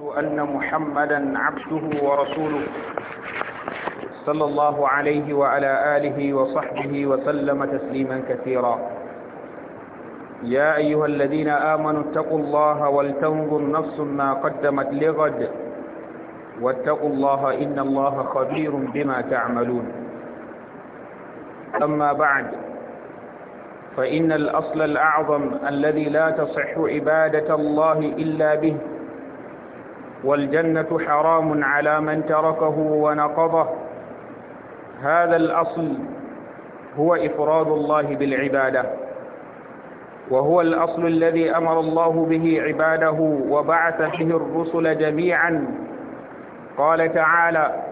واشهد ان محمدا عبده ورسوله صلى الله عليه وعلى اله وصحبه وسلم تسليما كثيرا يا ايها الذين امنوا اتقوا الله ولتنظر نفس ما قدمت لغد واتقوا الله ان الله خبير بما تعملون اما بعد فان الاصل الاعظم الذي لا تصح عباده الله الا به والجنة حرام على من تركه ونقضه هذا الأصل هو إفراد الله بالعبادة وهو الأصل الذي أمر الله به عباده وبعث به الرسل جميعا قال تعالى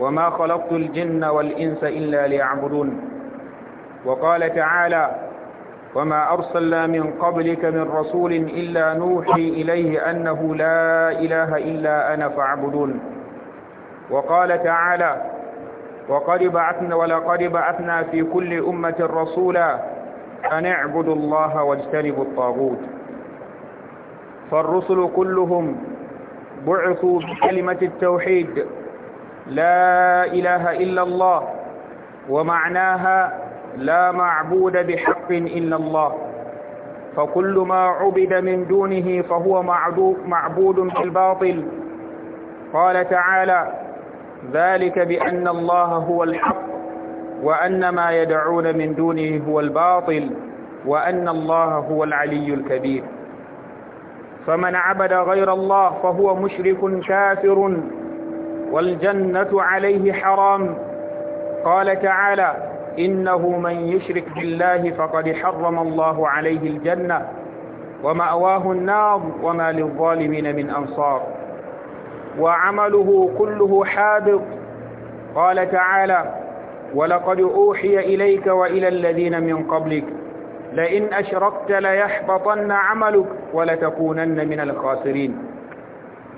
وما خلقت الجن والإنس إلا ليعبدون وقال تعالى وما أرسلنا من قبلك من رسول إلا نوحي إليه أنه لا إله إلا أنا فاعبدون وقال تعالى وقد بعثنا ولقد بعثنا في كل أمة رسولا أن اعبدوا الله واجتنبوا الطاغوت فالرسل كلهم بعثوا بكلمة التوحيد لا إله إلا الله ومعناها لا معبود بحق إلا الله فكل ما عبد من دونه فهو معبود في الباطل قال تعالى ذلك بأن الله هو الحق وأن ما يدعون من دونه هو الباطل وأن الله هو العلي الكبير فمن عبد غير الله فهو مشرك كافر والجنة عليه حرام قال تعالى إنه من يشرك بالله فقد حرم الله عليه الجنة ومأواه النار وما للظالمين من أنصار وعمله كله حابط قال تعالى ولقد أوحي إليك وإلى الذين من قبلك لئن أشركت ليحبطن عملك ولتكونن من الخاسرين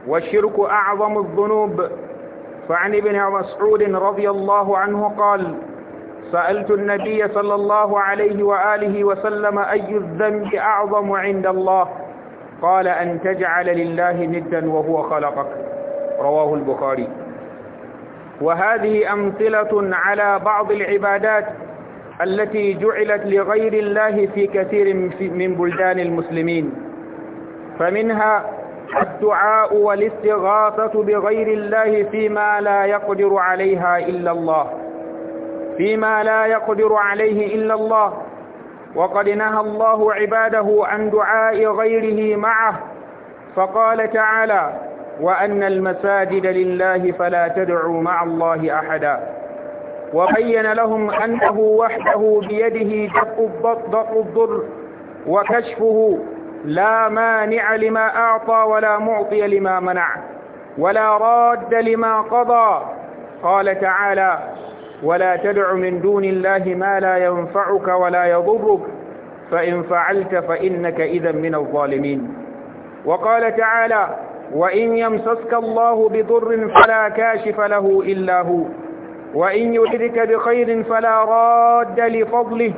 والشرك أعظم الذنوب فعن ابن مسعود رضي الله عنه قال سألت النبي صلى الله عليه وآله وسلم أي الذنب أعظم عند الله قال أن تجعل لله ندا وهو خلقك رواه البخاري وهذه أمثلة على بعض العبادات التي جعلت لغير الله في كثير من بلدان المسلمين فمنها الدعاء والاستغاثة بغير الله فيما لا يقدر عليها إلا الله فيما لا يقدر عليه إلا الله وقد نهى الله عباده عن دعاء غيره معه فقال تعالى وأن المساجد لله فلا تدعوا مع الله أحدا وبين لهم أنه وحده بيده دق الضر وكشفه لا مانع لما أعطى ولا معطي لما منع ولا راد لما قضى قال تعالى ولا تدع من دون الله ما لا ينفعك ولا يضرك فإن فعلت فإنك إذا من الظالمين وقال تعالى وإن يمسسك الله بضر فلا كاشف له إلا هو وإن يحرك بخير فلا راد لفضله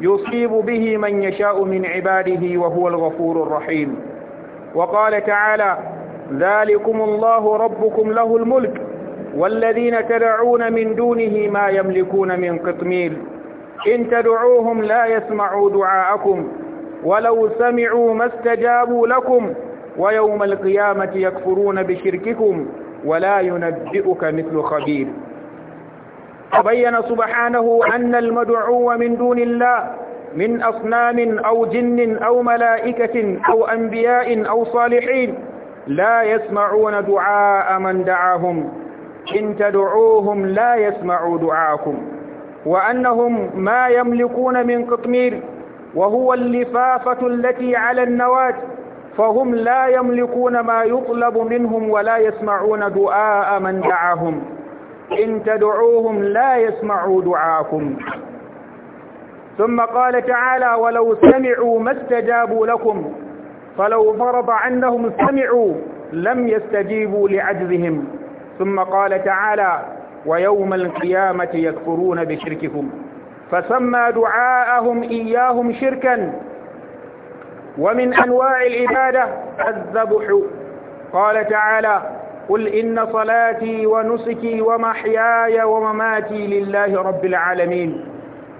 يصيب به من يشاء من عباده وهو الغفور الرحيم وقال تعالى ذلكم الله ربكم له الملك والذين تدعون من دونه ما يملكون من قطميل إن تدعوهم لا يسمعوا دعاءكم ولو سمعوا ما استجابوا لكم ويوم القيامة يكفرون بشرككم ولا ينبئك مثل خبير تبين سبحانه أن المدعو من دون الله من أصنام أو جن أو ملائكة أو أنبياء أو صالحين لا يسمعون دعاء من دعاهم إن تدعوهم لا يسمعوا دعاكم وأنهم ما يملكون من قطمير وهو اللفافة التي على النواة فهم لا يملكون ما يطلب منهم ولا يسمعون دعاء من دعاهم إن تدعوهم لا يسمعوا دعاكم ثم قال تعالى ولو سمعوا ما استجابوا لكم فلو فرض عنهم سمعوا لم يستجيبوا لعجزهم ثم قال تعالى ويوم القيامة يكفرون بشرككم فسمى دعاءهم إياهم شركا ومن أنواع العبادة الذبح قال تعالى قل إن صلاتي ونسكي ومحياي ومماتي لله رب العالمين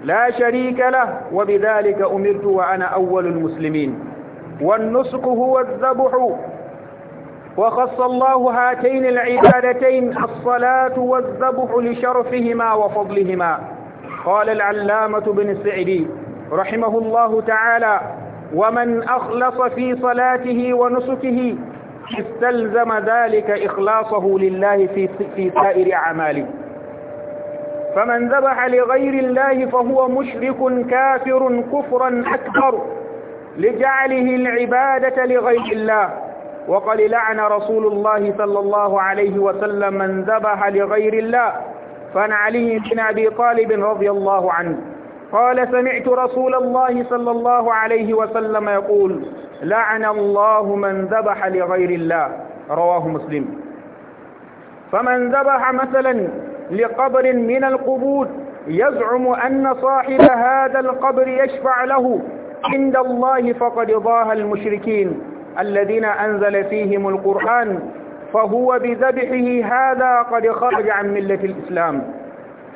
لا شريك له وبذلك أمرت وأنا أول المسلمين والنسك هو الذبح وخص الله هاتين العبادتين الصلاة والذبح لشرفهما وفضلهما قال العلامة بن السعدي رحمه الله تعالى ومن أخلص في صلاته ونسكه استلزم ذلك إخلاصه لله في, في سائر أعماله فمن ذبح لغير الله فهو مشرك كافر كفرا أكبر لجعله العبادة لغير الله وقال لعن رسول الله صلى الله عليه وسلم من ذبح لغير الله فان علي بن أبي طالب رضي الله عنه قال سمعت رسول الله صلى الله عليه وسلم يقول لعن الله من ذبح لغير الله رواه مسلم فمن ذبح مثلا لقبر من القبور يزعم أن صاحب هذا القبر يشفع له عند الله فقد ضاه المشركين الذين أنزل فيهم القرآن فهو بذبحه هذا قد خرج عن ملة الإسلام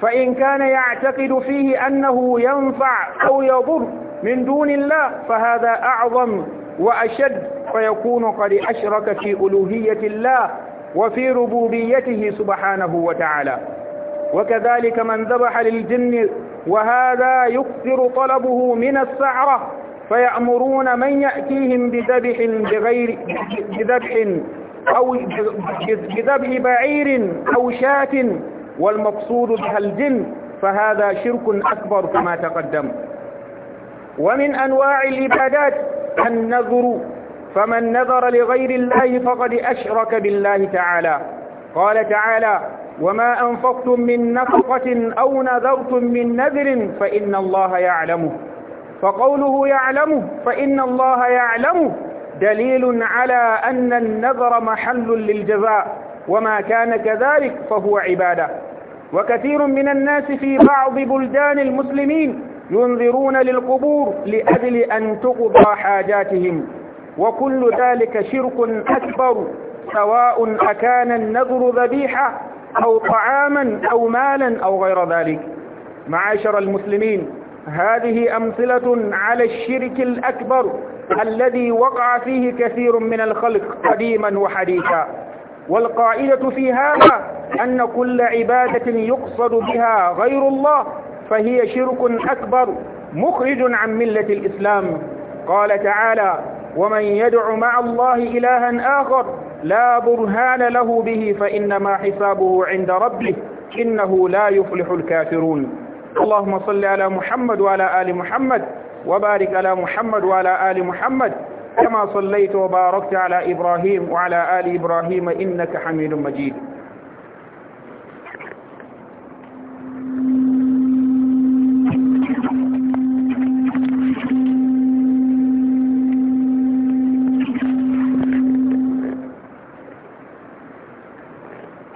فإن كان يعتقد فيه أنه ينفع أو يضر من دون الله فهذا أعظم وأشد فيكون قد أشرك في ألوهية الله وفي ربوبيته سبحانه وتعالى وكذلك من ذبح للجن وهذا يكثر طلبه من السعرة فيأمرون من يأتيهم بذبح بغير بذبح أو بذبح بعير أو شاة والمقصود بها الجن فهذا شرك أكبر كما تقدم ومن أنواع العبادات النذر فمن نذر لغير الله فقد أشرك بالله تعالى قال تعالى وما أنفقتم من نفقة أو نذرتم من نذر فإن الله يعلمه فقوله يعلمه فإن الله يعلمه دليل على أن النذر محل للجزاء وما كان كذلك فهو عبادة وكثير من الناس في بعض بلدان المسلمين ينذرون للقبور لأجل أن تقضى حاجاتهم وكل ذلك شرك أكبر سواء أكان النذر ذبيحة أو طعاما أو مالا أو غير ذلك معاشر المسلمين هذه أمثلة على الشرك الأكبر الذي وقع فيه كثير من الخلق قديما وحديثا والقاعدة في هذا أن كل عبادة يقصد بها غير الله فهي شرك أكبر مخرج عن ملة الإسلام قال تعالى ومن يدع مع الله إلها آخر لا برهان له به فإنما حسابه عند ربه إنه لا يفلح الكافرون اللهم صل على محمد وعلى آل محمد وبارك على محمد وعلى آل محمد كما صليت وباركت على إبراهيم وعلى آل إبراهيم إنك حميد مجيد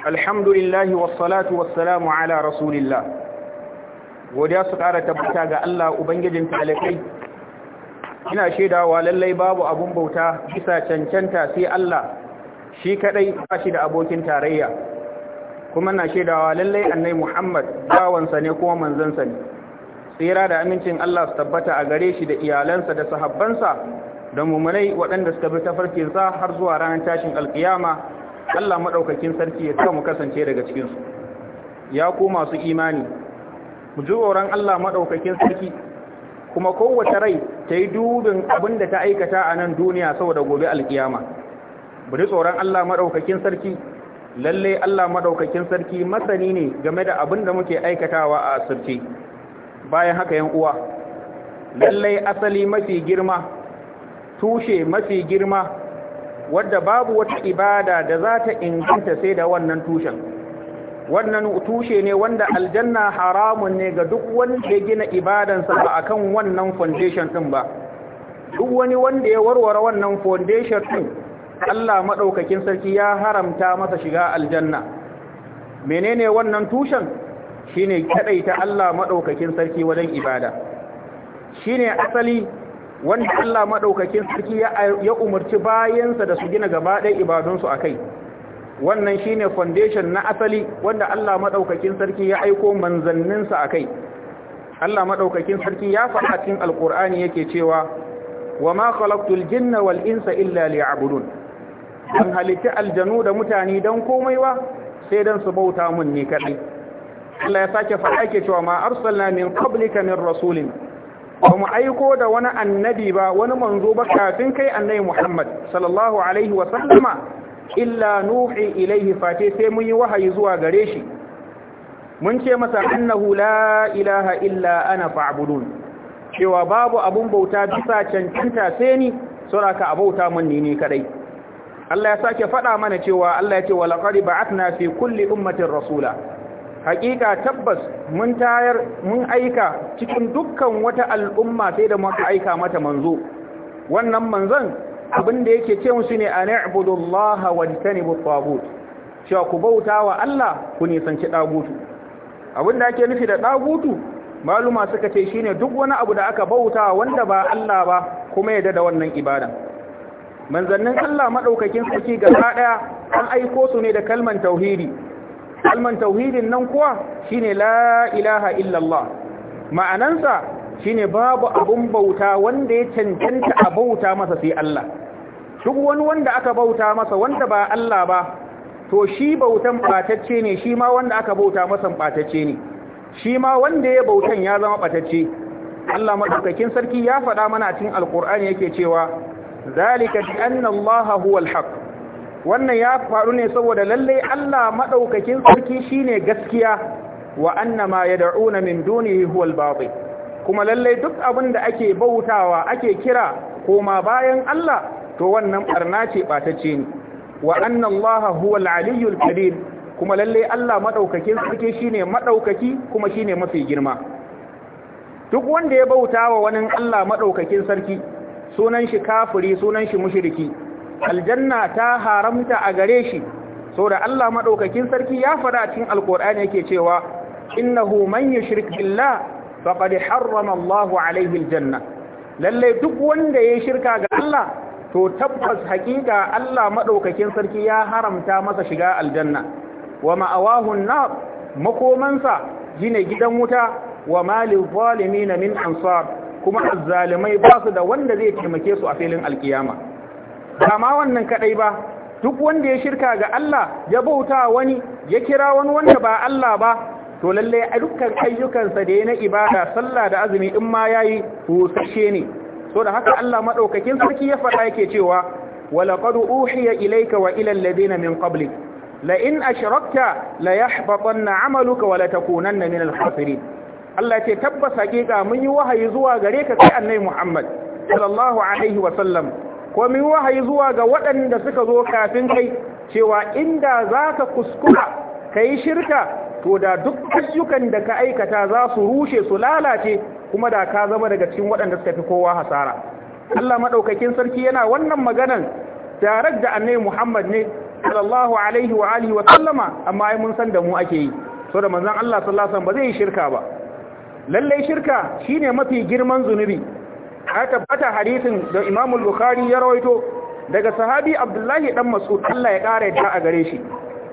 الحمد لله والصلاة والسلام على رسول الله godiya su ƙara tabbata ga Allah Ubangijin talakai ina wa lallai babu abun bauta bisa cancanta sai Allah shi kaɗai ba shi da abokin tarayya kuma na wa lallai annai Muhammad bawansa ne kuma manzansa ne tsira da amincin Allah su tabbata a gare shi da iyalansa da sahabbansa da mummunai waɗanda suka bi tafarkinsa har zuwa ranar tashin alkiyama Allah maɗaukakin sarki ya mu kasance daga cikinsu ya ku masu imani mu ji tsoron Allah maɗaukakin sarki kuma kowace rai ta yi dubin abin da ta aikata a nan duniya saboda gobe alkiyama mu ji tsoron Allah maɗaukakin sarki lalle Allah maɗaukakin sarki masani ne game da abin da muke aikatawa a asirce bayan haka yan uwa lalle asali mafi girma tushe mafi girma wadda babu wata ibada da za ta inganta sai da wannan tushen wannan tushe ne wanda aljanna haramun ne ga duk wanda ya gina ibadansa ba akan wannan foundation din ba duk wani wanda ya warware wannan foundation din Allah madaukakin sarki ya haramta masa shiga aljanna menene wannan tushen shine kadaita Allah madaukakin sarki wajen ibada shine asali wanda Allah madaukakin sarki ya umarci bayansa da su gina gaba ɗaya ibadunsu akai wannan shine foundation na asali wanda Allah madaukakin sarki ya aiko manzanninsa akai Allah madaukakin sarki ya faɗa cikin alqur'ani yake cewa wama khalaqtul jinna wal insa illa liya'budun an halitta aljanu da mutane dan komai ba sai dan su bauta mun ne kadai Allah ya sake faɗa yake cewa ma arsalna min qablika min rasulin ba mu aiko da wani annabi ba wani manzo ba kafin kai annabi Muhammad sallallahu alaihi wa sallama illa nuhi ilaihi fate sai mun yi wahayi zuwa gare shi mun ce masa annahu la ilaha illa ana fa'budun cewa babu abun bauta bisa cancanta sai ni saboda abauta mun ni ne kadai Allah ya sake faɗa mana cewa Allah ya ce wa laqad ba'athna fi kulli ummatin rasula haƙiƙa tabbas mun tayar mun aika cikin dukkan wata al'umma sai da muka aika mata manzo wannan manzon abin da yake ce musu ne an i'budu Allah wa tanibu tagut cewa ku bauta wa Allah ku nisanci dagutu abin da ake nufi da dagutu maluma suka ce shine duk wani abu da aka bauta wanda ba Allah ba kuma ya da wannan ibada manzannin Allah madaukakin sarki gaba daya an aiko su ne da kalman tauhidi kalman tauhidin nan kuwa shine la ilaha Allah, ma'anansa shine babu abun bauta wanda ya cancanta a bauta masa sai Allah duk wani wanda aka bauta masa wanda ba Allah ba to shi bautan batacce ne shi ma wanda aka bauta masa batacce ne shi ma wanda ya bautan ya zama batacce Allah madaukakin sarki ya faɗa mana cikin alkur'ani yake cewa zalika bi anna Allah huwa haq. wannan ya faru ne saboda lalle Allah madaukakin sarki shine gaskiya wa anna ma yad'una min dunihi huwa albatil kuma lalle duk abin da ake bautawa ake kira koma bayan Allah to wannan barna ce batacce ne wa anna allaha huwa al-aliyyul kadir kuma lalle Allah madaukakin sarki shine madaukaki kuma shine mafi girma duk wanda ya bautawa wani Allah madaukakin sarki sunan shi kafiri sunan shi mushriki aljanna ta haramta a gare shi saboda Allah madaukakin sarki ya fara a cikin alqur'ani yake cewa innahu man yushrik billah faqad harrama Allahu alaihi aljanna lalle duk wanda ya shirka ga Allah to tabbas hakika Allah madaukakin sarki ya haramta masa shiga aljanna wa ma'awahu an-nar makomansa gine gidan wuta wa malil zalimin min ansar kuma azzalimai ba su da wanda zai taimake su a filin alkiyama ba wannan kadai ba duk wanda ya shirka ga Allah ya bauta wani ya kira wani wanda ba Allah ba to lalle a dukkan ayyukansa da ya na ibada sallah da azumi in ma yayi to sashe ne so da haka Allah madaukakin sarki ya faɗa yake cewa walaqad uhiya ilayka wa ila alladhina min qablik la in ashrakta la yahbatanna 'amaluka wa la takunanna min al-khasirin Allah ce tabbas hakika mun yi wahayi zuwa gare ka kai annabi Muhammad sallallahu alaihi wa sallam ko mun wahayi zuwa ga waɗanda suka zo kafin kai cewa inda zaka kuskura kai shirka to da duk ayyukan da ka aikata za su rushe su lalace kuma da ka zama daga cikin waɗanda suka fi kowa hasara Allah maɗaukakin sarki yana wannan maganan tare da annai Muhammad ne sallallahu alaihi wa alihi wa sallama amma ai mun san da mu ake yi so da manzon Allah sallallahu alaihi ba zai yi shirka ba lalle shirka shine mafi girman zunubi a tabbata hadisin da Imam al-Bukhari ya rawaito daga sahabi Abdullahi dan Mas'ud Allah ya kare ta a gare shi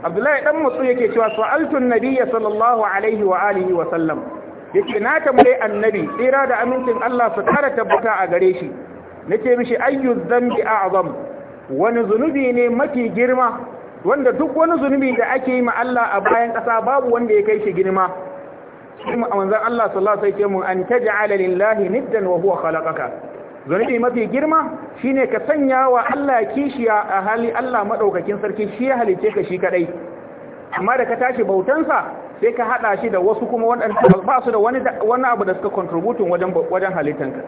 Abdullahi dan Mas'ud yake cewa sa'altun nabiyya sallallahu alaihi wa alihi wa sallam yake na tambaye annabi tsira da amincin Allah su kara tabbata a gare shi nace mishi ayyu a a'zam wani zunubi ne mafi girma wanda duk wani zunubi da ake yi ma Allah a bayan ƙasa babu wanda ya kai shi girma kuma manzon Allah sallallahu alaihi wasallam an taj'ala lillahi niddan wa huwa khalaqaka zunubi mafi girma shine ka sanya wa Allah kishiya a hali Allah madaukakin sarki shi ya halice ka shi kadai amma da ka tashi bautansa sai ka haɗa shi da wasu kuma waɗanda ba su da wani abu da suka contributin wajen halittanka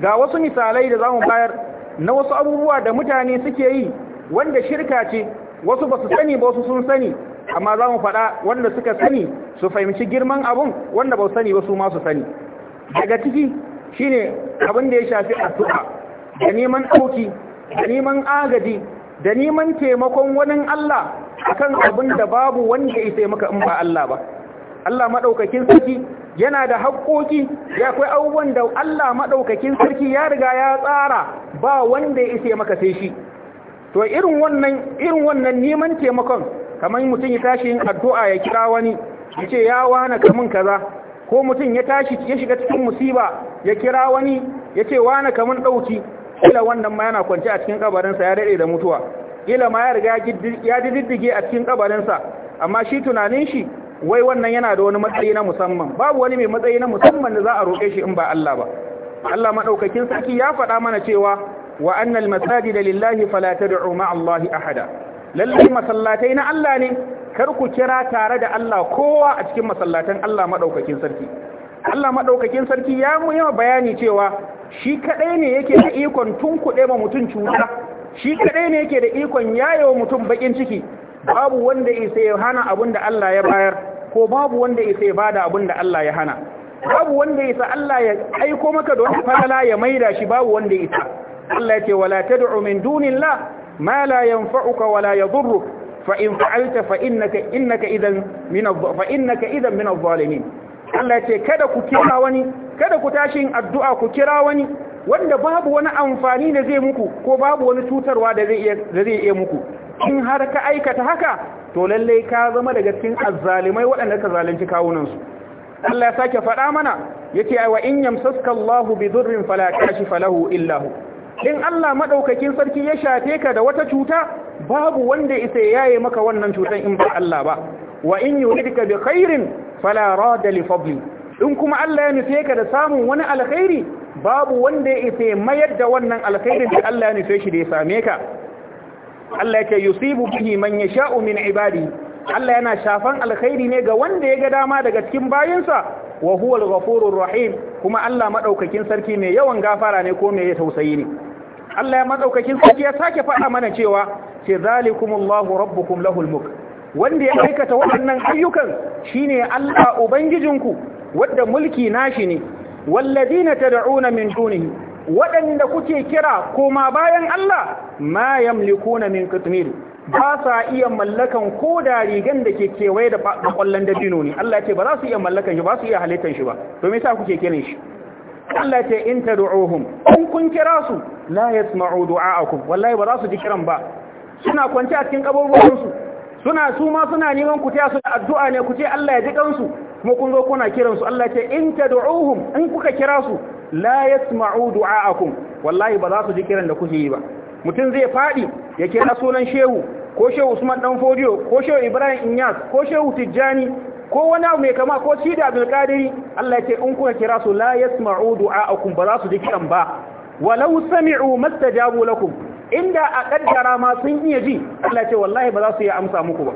ga wasu misalai da zamu bayar na wasu abubuwa da mutane suke yi wanda shirka ce wasu ba su sani ba wasu sun sani amma za mu faɗa wanda suka sani su fahimci girman abun wanda ba su sani ba su ma su sani daga ciki shine abin da ya shafi addu'a da neman auki, da neman agaji da neman taimakon wani Allah akan abin da babu wanda ya maka in ba Allah ba Allah maɗaukakin sarki yana da haƙoƙi ya akwai abubuwan da Allah maɗaukakin sarki ya riga ya tsara ba wanda ya isa maka sai shi to irin wannan irin wannan neman taimakon kamar mutum ya tashi yin addu'a ya kira wani ya ce ya wani kamun kaza ko mutum ya tashi ya shiga cikin musiba ya kira wani ya ce wani kamun ɗauki. kila wannan ma yana kwance a cikin kabarinsa ya daɗe da mutuwa kila ma ya riga ya diddige a cikin kabarinsa amma shi tunanin shi wai wannan yana da wani matsayi na musamman babu wani mai matsayi na musamman da za a roƙe shi in ba Allah ba Allah madaukakin sarki ya faɗa mana cewa wa annal masajida lillahi fala tad'u ma'a Allahi ahada Lallai masallatai na Allah ne kar ku kira tare da Allah kowa a cikin masallatan Allah madaukakin sarki Allah madaukakin sarki ya mu yawa bayani cewa shi kadai ne yake da ikon tunkuɗe ma mutum cuta shi kadai ne yake da ikon yayewa mutum bakin ciki babu wanda isa ya hana abin da Allah ya bayar ko babu wanda isa ya bada abin da Allah ya hana babu wanda isa Allah ya aiko maka da wani falala ya maida shi babu wanda isa Allah ya ce wala tad'u min dunillah ma la yanfa'uka wala yadhurruka فإن فعلت فإنك إنك إذا من الظ... فإنك إذا من Allah ce kada ku kira wani kada ku tashi yin addu'a ku kira wani wanda babu wani amfani da zai muku ko babu wani cutarwa da zai iya muku in har ka aikata haka to lallai ka zama daga cikin azzalimai waɗanda ka zalunci kawunansu Allah ya sake faɗa mana yace ai wa in yamsaska Allahu bi dhurrin fala kashifa lahu illa hu in Allah madaukakin sarki ya shafe ka da wata cuta babu wanda isa yaye maka wannan cutar in ba Allah ba wa in yuridka bi khairin fala rada li fadli in kuma Allah ya nufe ka da samun wani alkhairi babu wanda ya ife mayar da wannan alkhairin da Allah ya nufe shi da ya same ka Allah yake yusibu bihi man yasha'u min ibadi Allah yana shafan alkhairi ne ga wanda ya ga dama daga cikin bayinsa wa huwal ghafurur rahim kuma Allah madaukakin sarki mai yawan gafara ne ko mai tausayi ne Allah ya madaukakin sarki ya sake faɗa mana cewa ce zalikumullahu rabbukum lahul mulk wanda ya aikata waɗannan ayyukan shine Allah ubangijinku wanda mulki nashi ne walladina tad'una min dunihi waɗanda kuke kira koma bayan Allah ma yamlikuna min qitmir ba sa iya mallakan ko da rigan da ke kewaye da kwallon dabino ne Allah ce ba za su iya mallakan shi ba su iya halittar shi ba to me yasa kuke kiran shi Allah ce in tad'uhum in kun kira su la yasma'u du'a'akum wallahi ba za su ji kiran ba suna kwance a cikin kaburburan suna su ma suna neman ku taya su da addu'a ne ku ce Allah ya ji kansu kuma kun zo kuna kiransu Allah ce in tad'uhum in kuka kira su la yasma'u du'aakum wallahi ba za su ji kiran da kuke yi ba mutum zai fadi ya kira sunan shehu ko shehu Usman dan Fodio ko shehu Ibrahim Inyas ko shehu Tijjani ko wani abu mai kama ko shida da Abdul Allah ya ce in kuka kira su la yasma'u du'aakum ba za su ji kiran ba walau sami'u mastajabu lakum inda a ƙaddara ma sun iya ji Allah ce wallahi ba za su yi amsa muku ba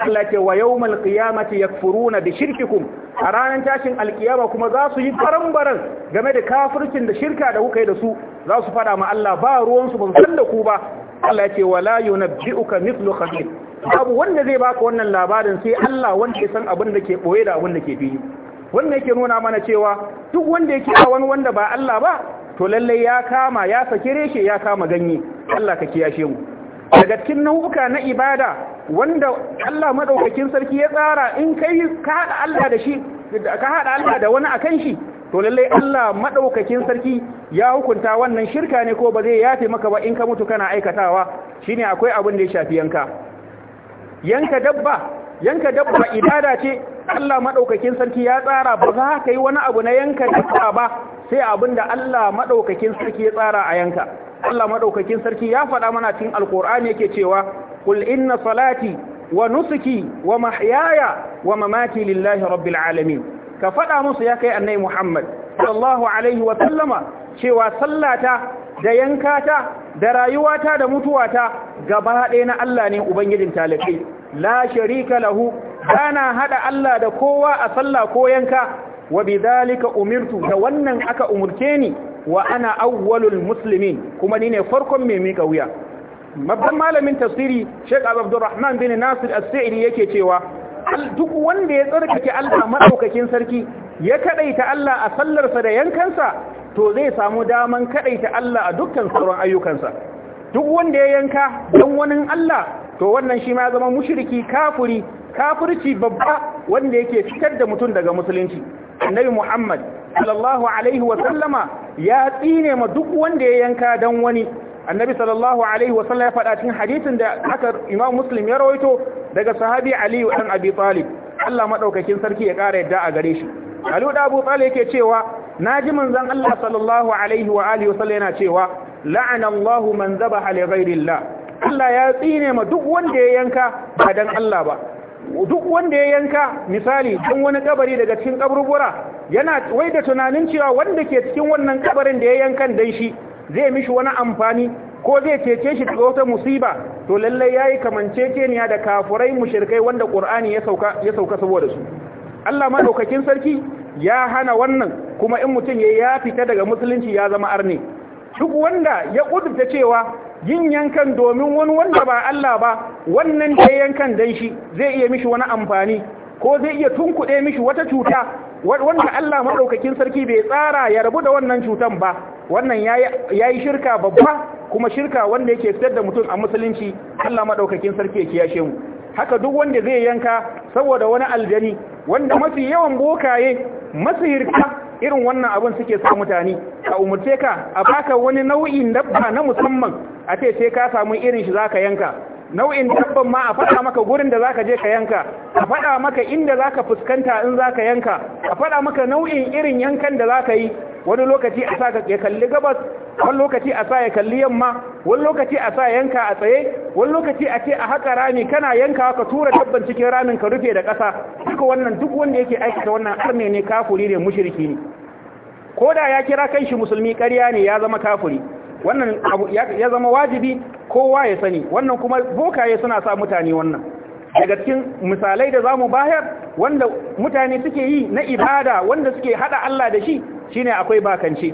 Allah ce wa yawmal qiyamati yakfuruna bi shirkikum a ranar tashin alkiyama kuma za su yi baran game da kafircin da shirka da kuka yi da su za su fada ma Allah ba ruwansu su san da ku ba Allah ce wala yunabbi'uka mithlu khabir abu wanda zai baka wannan labarin sai Allah wanda ya san abin da ke boye da abin da ke fili wannan yake nuna mana cewa duk wanda yake a wani wanda ba Allah ba to lallai ya kama ya saki reshe ya kama ganye Allah ka kiyashe mu daga cikin nau'uka na ibada wanda Allah madaukakin sarki ya tsara in kai ka hada Allah da shi ka hada Allah da wani akan shi to lallai Allah madaukakin sarki ya hukunta wannan shirka ne ko ba zai yafe maka ba in ka mutu kana aikatawa shine akwai abin da ya shafi yanka yanka dabba yanka dabba ibada ce Allah maɗaukakin sarki ya tsara ba za ka yi wani abu na yanka dabba ba sai abin da Allah maɗaukakin sarki ya tsara a yanka Allah maɗaukakin sarki ya faɗa mana cikin alkur'ani yake cewa kul inna salati wa nusuki wa mahyaya wa mamati lillahi rabbil alamin ka faɗa musu ya kai annai Muhammad sallallahu alaihi wa sallama cewa sallata da yankata da rayuwata da mutuwata gaba ɗaya na Allah ne ubangijin talakai la sharika lahu bana hada Allah da kowa a sallah ko yanka wa bidhalika umirtu da wannan aka umurke ni wa ana awwalul muslimin kuma ni ne farkon mai mika wuya babban malamin tafsiri Sheikh Abdulrahman bin Nasir As-Sa'idi yake cewa duk wanda ya tsarkake Allah madaukakin sarki ya kadaita Allah a sallarsa da yankansa to zai samu daman kadaita Allah a dukkan sauran ayyukansa duk wanda ya yanka don wani Allah to wannan shi ma zama mushriki kafiri kafirci babba wanda yake fitar da mutum daga musulunci annabi muhammad sallallahu alaihi wa sallama ya tsine ma duk wanda ya yanka dan wani annabi sallallahu alaihi wa sallama ya faɗa cikin hadisin da aka imam muslim ya rawaito daga sahabi ali dan abi talib Allah madaukakin sarki ya ƙara yadda a gare shi ali da abu talib yake cewa naji manzon Allah sallallahu alaihi wa alihi wa sallama yana cewa la'ana Allahu man zabaha li ghayri Allah Allah ya tsine ma duk wanda ya yanka ba dan Allah ba duk wanda ya yanka misali don wani kabari daga cikin kaburbura yana wai da tunanin cewa wanda ke cikin wannan kabarin da ya yankan dan shi zai mishi wani amfani ko zai cece shi daga wata musiba to lalle yayi kamanceceniya da kafurai mushrikai wanda Qur'ani ya sauka ya sauka saboda su Allah madaukakin sarki ya hana wannan kuma in mutum ya fita daga musulunci ya zama arne duk wanda ya kudurta cewa yin yankan domin wani wanda ba Allah ba wannan da yankan dan shi zai iya mishi wani amfani ko zai iya tunkuɗe mishi wata cuta wanda Allah maɗaukakin sarki bai tsara ya rabu da wannan cutan ba wannan ya yi shirka babba kuma shirka wanda yake fitar da mutum a musulunci Allah maɗaukakin sarki ya kiyashe mu haka duk wanda zai yanka saboda wani aljani wanda mafi yawan bokaye masu hirka irin wannan abin suke sa mutane a umurce ka a baka wani nau'in dabba na musamman a ce sai ka samu irin shi zaka yanka nau'in dabban ma a faɗa maka gurin da zaka je ka yanka a faɗa maka inda zaka fuskanta in zaka yanka a faɗa maka nau'in irin yankan da zaka yi wani lokaci a sa ya kalli gabas wani lokaci a sa ya kalli yamma wani lokaci a sa yanka a tsaye wani lokaci a ce a haka rami kana yanka ka tura tabban cikin ramin ka rufe da ƙasa duka wannan duk wanda yake aikata wannan har ne kafuri ne mushriki ne ko da ya kira kanshi musulmi ƙarya ne ya zama kafuri wannan ya zama wajibi kowa ya sani wannan kuma bokaye suna sa mutane wannan daga cikin misalai da zamu bayar wanda mutane suke yi na ibada wanda suke haɗa Allah da shi shine akwai bakanci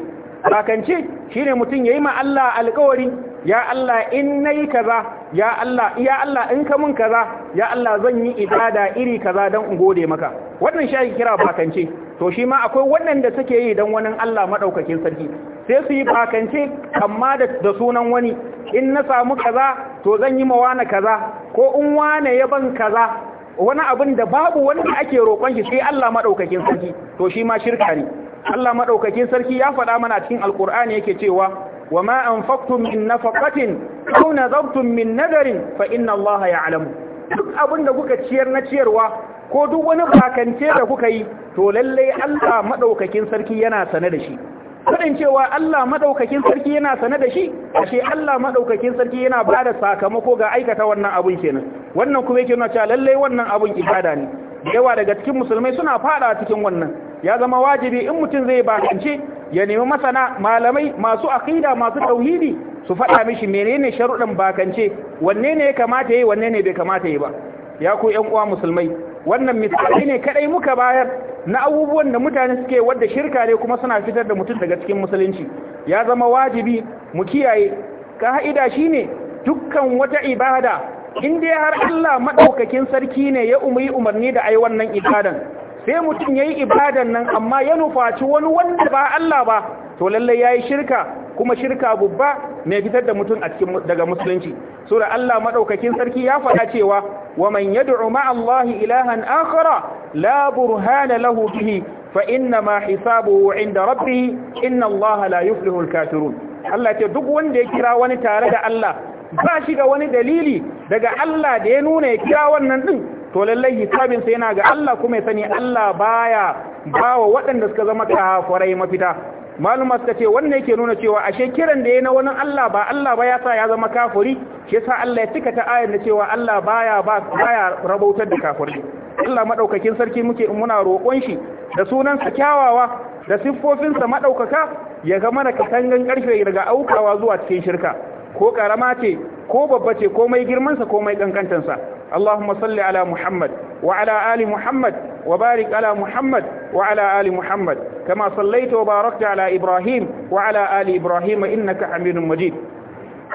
bakanci shine mutum yayi ma Allah alƙawari ya Allah in nayi kaza ya Allah ya Allah in ka mun kaza ya Allah zan yi ibada iri kaza dan in gode maka wannan shi kira bakanci to shi ma akwai wannan da suke yi dan wani Allah madaukakin sarki sai su yi bakance amma da sunan wani in na samu kaza to zan yi mawana kaza ko in wane ya ban kaza wani abin da babu wanda ake roƙon shi sai Allah madaukakin sarki to shi ma shirka ne Allah madaukakin sarki ya faɗa mana cikin alkur'ani yake cewa wa ma anfaqtum min nafaqatin aw nadartum min nadarin fa inna Allah ya'lamu duk abinda kuka ciyar na ciyarwa ko duk wani bakance da kuka yi to lalle Allah madaukakin sarki yana sane da shi kadan cewa Allah madaukakin sarki yana sane da shi ashe Allah madaukakin sarki yana bada sakamako ga aikata wannan abun kenan wannan kuma yake nuna cewa lalle wannan abun ibada ne yawa daga cikin musulmai suna fada cikin wannan ya zama wajibi in mutum zai bakance ya nemi masana malamai masu aqida masu tauhidi su faɗa mishi menene sharuɗin bakance wanne ne ya kamata yi wanne ne bai kamata yi ba ya ku 'yan uwa musulmai wannan misali ne kadai muka bayar na abubuwan da mutane suke wadda shirka ne kuma suna fitar da mutum daga cikin musulunci ya zama wajibi mu kiyaye ka'ida shine dukkan wata ibada in dai har Allah madaukakin sarki ne ya umuri umarni da ai wannan ibadan sai mutum ya yi ibadan nan amma ya nufaci wani wanda ba Allah ba to lallai ya yi shirka kuma shirka bubba mai fitar da mutum a cikin daga musulunci sura Allah madaukakin sarki ya faɗa cewa wa man yad'u ma'a Allah ilahan akhara la burhana lahu bihi fa inna ma hisabuhu 'inda rabbih inna Allah la yuflihu al-kafirun Allah ce duk wanda ya kira wani tare da Allah ba shi da wani dalili daga Allah da ya nuna ya kira wannan din to lallai hisabinsa yana ga Allah kuma ya sani Allah baya bawa waɗanda suka zama kafarai mafita maluma suka ce wannan yake nuna cewa ashe kiran da ya wani Allah ba Allah ba ya sa ya zama kafiri shi yasa Allah ya cika ta ayar da cewa Allah baya ba baya rabautar da kafiri Allah madaukakin sarki muke muna roƙon shi da sunan sa kyawawa da siffofinsa madaukaka ya ga mana tangan karfe daga aukawa zuwa cikin shirka ko karama ce ko babba ce ko komai girmansa komai kankantansa اللهم صل على محمد وعلى آل محمد وبارك على محمد وعلى آل محمد كما صليت وباركت على إبراهيم وعلى آل إبراهيم إنك حميد مجيد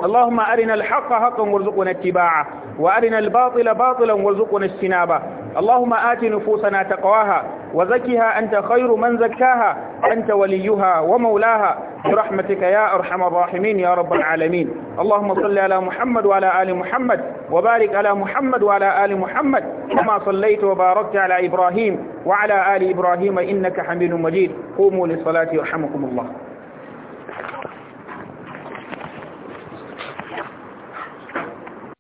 اللهم أرنا الحق حقا وارزقنا اتباعه وأرنا الباطل باطلا وارزقنا اجتنابه اللهم آت نفوسنا تقواها وزكها أنت خير من زكاها أنت وليها ومولاها برحمتك يا أرحم الراحمين يا رب العالمين اللهم صل على محمد وعلى آل محمد وبارك على محمد وعلى آل محمد كما صليت وباركت على إبراهيم وعلى آل إبراهيم إنك حميد مجيد قوموا للصلاة يرحمكم الله